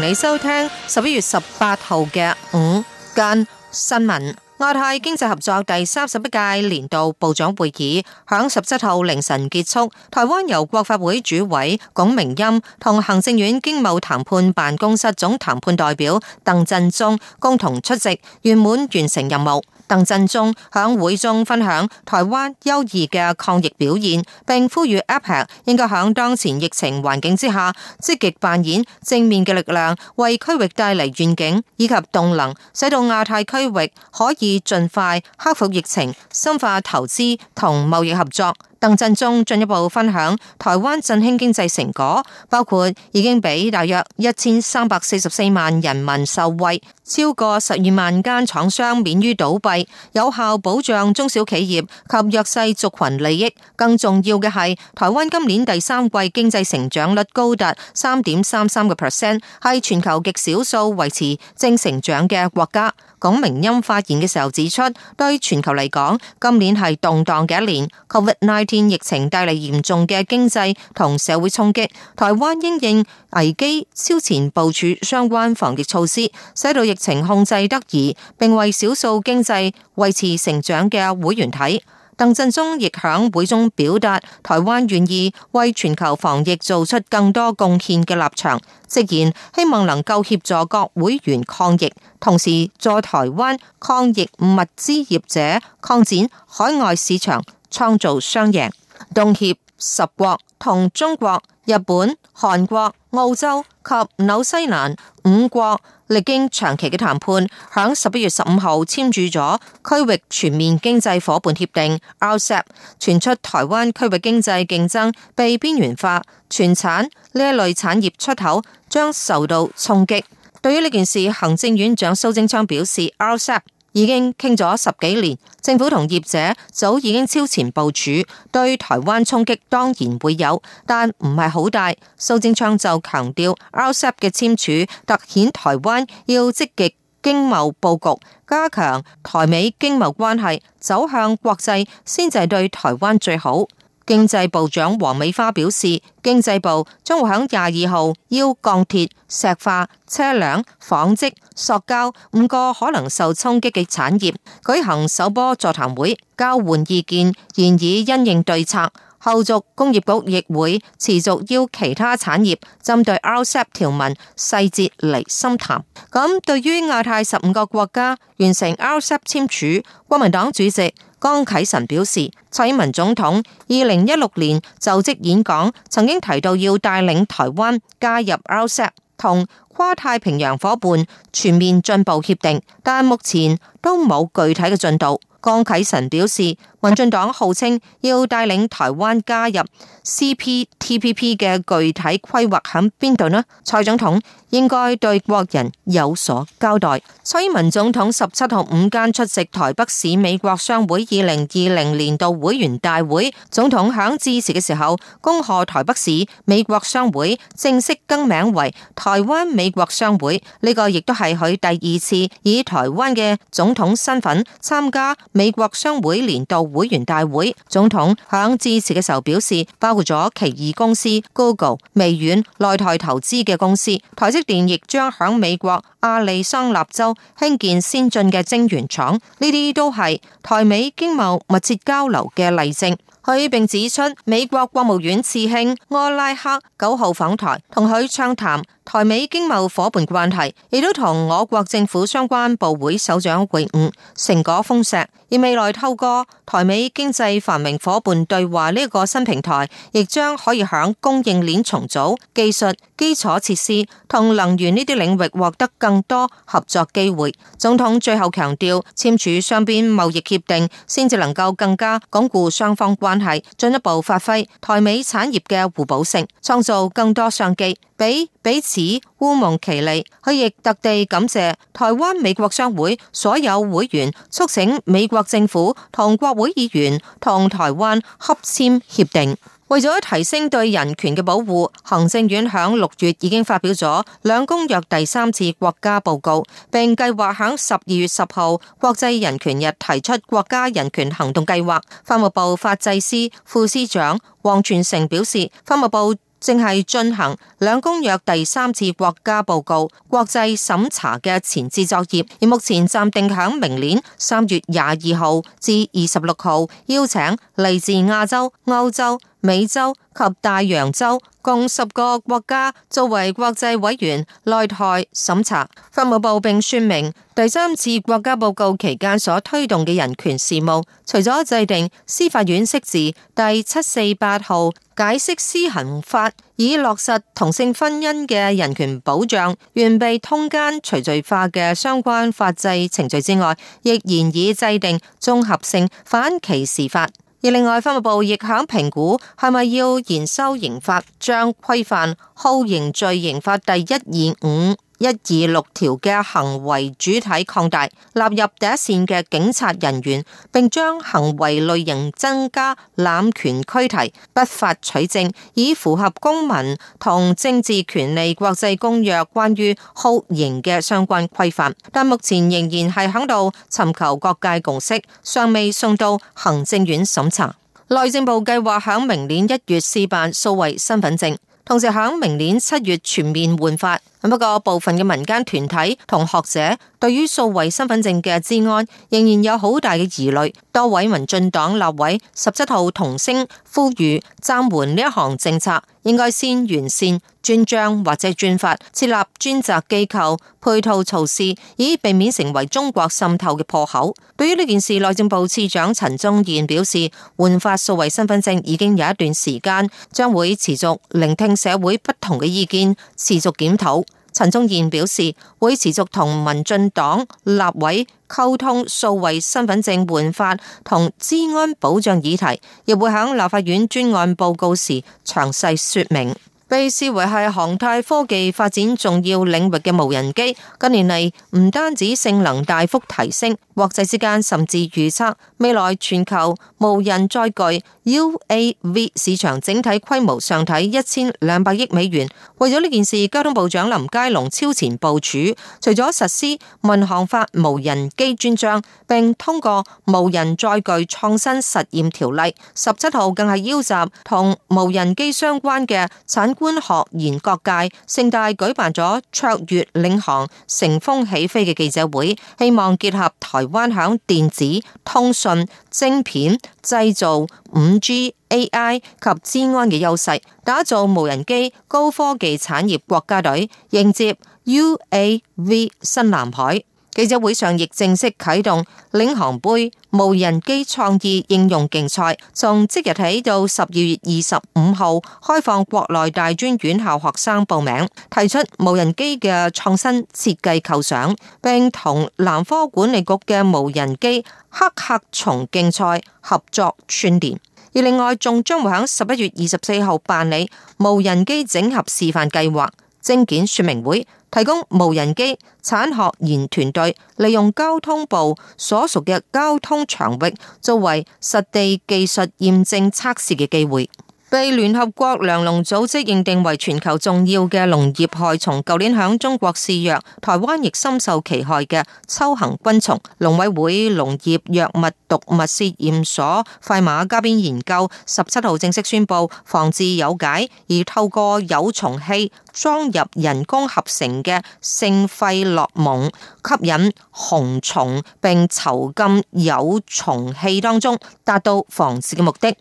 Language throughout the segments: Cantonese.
同你收聽十一月十八號嘅午間新聞，亞太經濟合作第三十一屆年度部長會議響十七號凌晨結束，台灣由國法會主委龔明鑫同行政院經貿談判辦公室總談判代表鄧振中共同出席，圓滿完成任務。鄧振中響會中分享台灣優異嘅抗疫表現，並呼籲 APEC 應該響當前疫情環境之下，積極扮演正面嘅力量為區，為區域帶嚟願景以及動能，使到亞太區域可以盡快克服疫情，深化投資同貿易合作。鄧振中進一步分享台灣振興經濟成果，包括已經俾大約一千三百四十四萬人民受惠，超過十二萬間廠商免於倒閉，有效保障中小企業及弱勢族群利益。更重要嘅係，台灣今年第三季經濟成長率高達三點三三個 percent，係全球極少數維持正成長嘅國家。龔明鑫發言嘅時候指出，對全球嚟講，今年係動蕩嘅一年，COVID-19。天疫情帶嚟嚴重嘅經濟同社會衝擊，台灣因應危機超前部署相關防疫措施，使到疫情控制得宜，並為少數經濟維持成長嘅會員體。鄧振中亦響會中表達台灣願意為全球防疫做出更多貢獻嘅立場，直言希望能夠協助各會員抗疫，同時助台灣抗疫物資業者擴展海外市場，創造雙贏。東協十國同中國、日本、韓國、澳洲及紐西蘭五國，歷經長期嘅談判，響十一月十五號簽署咗區域全面經濟夥伴協定 （RCEP）。傳出台灣區域經濟競爭被邊緣化，全產呢一類產業出口將受到衝擊。對於呢件事，行政院長蘇貞昌表示：RCEP 已經傾咗十幾年，政府同業者早已經超前部署，對台灣衝擊當然會有，但唔係好大。蘇貞昌就強調，RCEP 嘅簽署突顯台灣要積極經貿布局，加強台美經貿關係，走向國際先至係對台灣最好。經濟部長王美花表示，經濟部將會喺廿二號邀鋼鐵、石化、車輛、紡織、塑膠五個可能受衝擊嘅產業舉行首波座談會，交換意見，現已因應對策。後續工業局亦會持續要其他產業針對 RCEP 條文細節嚟深談。咁對於亞太十五個國家完成 RCEP 簽署，國民黨主席江啟臣表示，蔡英文總統二零一六年就職演講曾經提到要帶領台灣加入 RCEP 同跨太平洋伙伴全面進步協定，但目前都冇具體嘅進度。江啟臣表示，民進黨號稱要帶領台灣加入 CPTPP 嘅具體規劃喺邊度呢？蔡總統應該對國人有所交代。蔡英文總統十七號午間出席台北市美國商會二零二零年度會員大會，總統響致辭嘅時候，恭賀台北市美國商會正式更名為台灣美國商會，呢個亦都係佢第二次以台灣嘅總統身份參加。美國商會年度會員大會，總統響致辭嘅時候表示，包括咗奇異公司 Google、微軟、內台投資嘅公司，台積電亦將響美國亞利桑那州興建先進嘅晶圓廠，呢啲都係台美經貿密切交流嘅例證。佢並指出，美國國務院次卿柯拉克九號訪台，同佢暢談台美經貿伙伴關係，亦都同我國政府相關部會首長會晤，成果豐碩。而未來透過台美經濟繁榮伙伴對話呢個新平台，亦將可以響供應鏈重組、技術、基礎設施同能源呢啲領域獲得更多合作機會。總統最後強調，簽署雙邊貿易協定，先至能夠更加鞏固雙方關係，進一步發揮台美產業嘅互補性，創造更多商機，俾彼此互蒙其利。佢亦特地感謝台灣美國商會所有會員，促請美國政府同國會議員同台灣洽簽協定。為咗提升對人權嘅保護，行政院響六月已經發表咗《兩公約》第三次國家報告，並計劃響十二月十號國際人權日提出國家人權行動計劃。法務部法制司副司長黃全成表示，法務部正係進行《兩公約》第三次國家報告國際審查嘅前置作業，而目前暫定響明年三月廿二號至二十六號邀請嚟自亞洲、歐洲，美洲及大洋洲共十個國家作為國際委員內台審查，法務部並說明第三次國家報告期間所推動嘅人權事務，除咗制定司法院釋字第七四八號解釋施行法，以落實同性婚姻嘅人權保障，完備通姦除罪化嘅相關法制程序之外，亦然以制定綜合性反歧視法。而另外，法務部亦響評估係咪要研修刑法，將規範酷刑罪刑法第一二五、一二六條嘅行為主體擴大納入第一線嘅警察人員，並將行為類型增加濫權、拘提、不法取證，以符合公民同政治權利國際公約關於酷刑嘅相關規範。但目前仍然係響度尋求各界共識，尚未送到行政院審查。內政部計劃響明年一月試辦數位身份證，同時響明年七月全面換發。不過部分嘅民間團體同學者對於數位身份證嘅資安仍然有好大嘅疑慮。多位民進黨立委十七號同聲呼籲暫緩呢一項政策，應該先完善專章或者專法，設立專責機構、配套措施，以避免成為中國滲透嘅破口。對於呢件事，內政部次長陳宗彥表示，換發數位身份證已經有一段時間，將會持續聆聽社會不同嘅意見，持續檢討。陳宗彥表示，會持續同民進黨立委溝通數位身份證換發同資安保障議題，亦會喺立法院專案報告時詳細說明。被視為係航太科技發展重要領域嘅無人機，近年嚟唔單止性能大幅提升，國際之間甚至預測未來全球無人載具。UAV 市場整體規模上睇一千兩百億美元。為咗呢件事，交通部長林佳龍超前部署，除咗實施民航法無人機專章，並通過無人載具創新實驗條例，十七號更係邀集同無人機相關嘅產官學研各界，盛大舉辦咗「卓越領航，乘風起飛」嘅記者會，希望結合台灣響電子通訊、晶片製造、5G、AI 及資安嘅優勢，打造無人機高科技產業國家隊，迎接 UAV 新藍海。記者會上亦正式啟動領航杯無人機創意應用競賽，從即日起到十二月二十五號開放國內大專院校學生報名，提出無人機嘅創新設計構想，並同南科管理局嘅無人機黑客松競賽合作串聯。而另外，仲將會喺十一月二十四號辦理無人機整合示範計劃徵件說明會。提供無人機產學研團隊利用交通部所屬嘅交通場域作為實地技術驗證測試嘅機會。被聯合國糧農組織認定為全球重要嘅農業害蟲，舊年響中國試藥，台灣亦深受其害嘅秋行軍蟲，農委會農業藥物毒物試驗所快馬加鞭研究，十七號正式宣布防治有解，而透過有蟲器裝入人工合成嘅性費洛蒙，吸引雄蟲並囚禁有蟲器當中，達到防治嘅目的。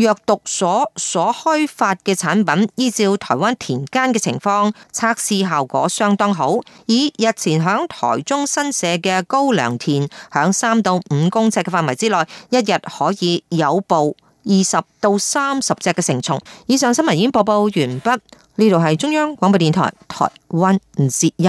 藥毒所所開發嘅產品，依照台灣田間嘅情況測試效果相當好。以日前響台中新社嘅高粱田，響三到五公尺嘅範圍之內，一日可以有捕二十到三十隻嘅成蟲。以上新聞已經播報完畢，呢度係中央廣播電台台灣之音。